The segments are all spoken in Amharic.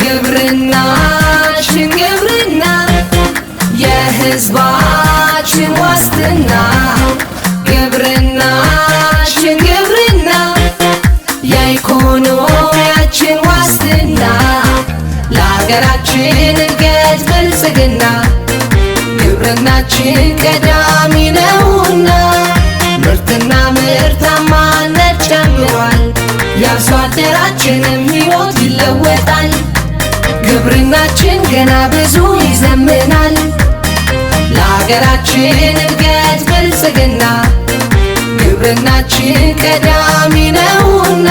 ግብርናሽን ግብርና የህዝባችን ዋስትና ግብርናሽን ግብርና የኢኮኖሚያችን ዋስትና ለሀገራችን እድገት ብልጽግና ግብርናችን ቀዳሚ ነውና ምርትና ምርታማነት ጨምሯል። የአርሶ አደራችንም ሕይወት ይለወጣል። ግብርናችን ገና ብዙ ይዘምናል ለሀገራችን እድገት ብልጽግና ግብርናችን ቀዳሚ ነውና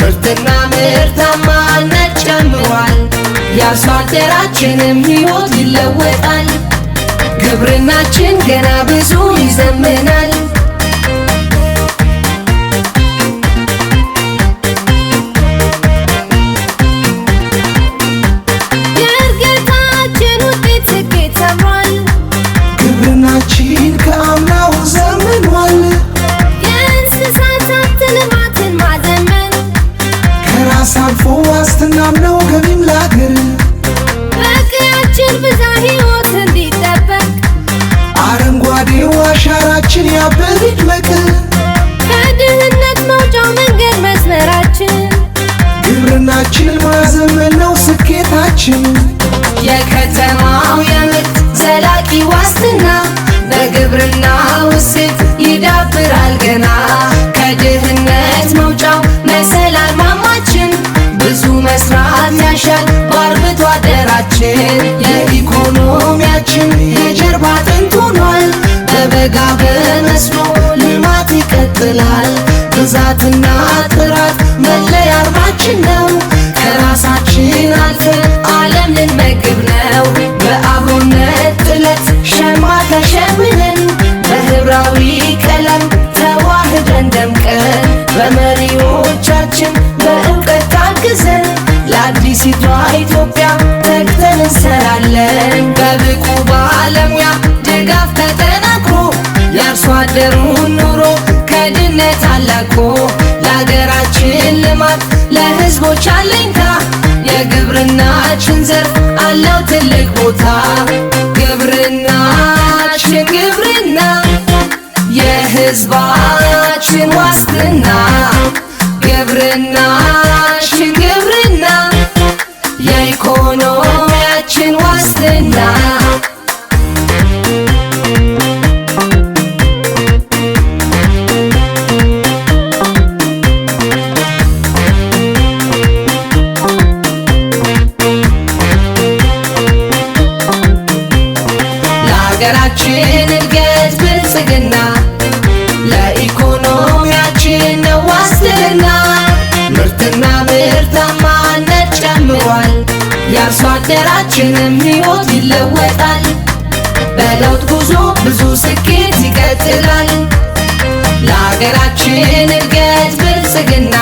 ምርትና ምርታማነት ጨምሯል። የአርሶ አደራችንም ሕይወት ይለወጣል። ግብርናችን ገና ብዙ መልካም ነው በቀያችን ብዛ ሕይወት እንዲጠበቅ አረንጓዴው አሻራችን ያብብ ይድመቅ ከድህነት መውጫው መንገድ መስመራችን ግብርናችንን ማዘመን ነው ስኬታችን የከተማው የምርት ዘላቂ ዋስትና በግብርና ውስጥ ይዳብራል ገና አርብቶ አደራችን ለኢኮኖሚያችን የጀርባ አጥንት ሆኗል። በበጋ በመስኖ ልማት ይቀጥላል። ብዛትና ጥራት መለያ አርማችን ነው። ከራሳችን አልፈን ዓለም ልንመግብ ነው። በአብሮነት ጥለት ሸማ ተሸምነን በህብራዊ ቀለም ተዋህደን ደምቀን በመሪዎቻችን በእውቀት ታግዘን ለአዲሲቷ ኢትዮጵያ ተግተን እንሰራለን በብቁ ባለሙያ ድጋፍ ተጠናክሮ የአርሶ አደሩን ኑሮ ከድህነት አላቆ ለሀገራችን ልማት ለህዝቦች አለኝታ የግብርናችን ዘርፍ አለው ትልቅ ቦታ ግብርናችን ግብርና የህዝባችን ዋስትና የሁላችን ዋስትና ለሀገራችን እድገት ብልጽግና ለኢኮኖሚያችን ዋስትና ምርትና ምርታማነት ጨምሯል። የአርሶ አደራችንም ህይወት ይለወጣል። በለውጥ ጉዞ ብዙ ስኬት ይቀጥላል። ለሀገራችን እድገት ብልጽግና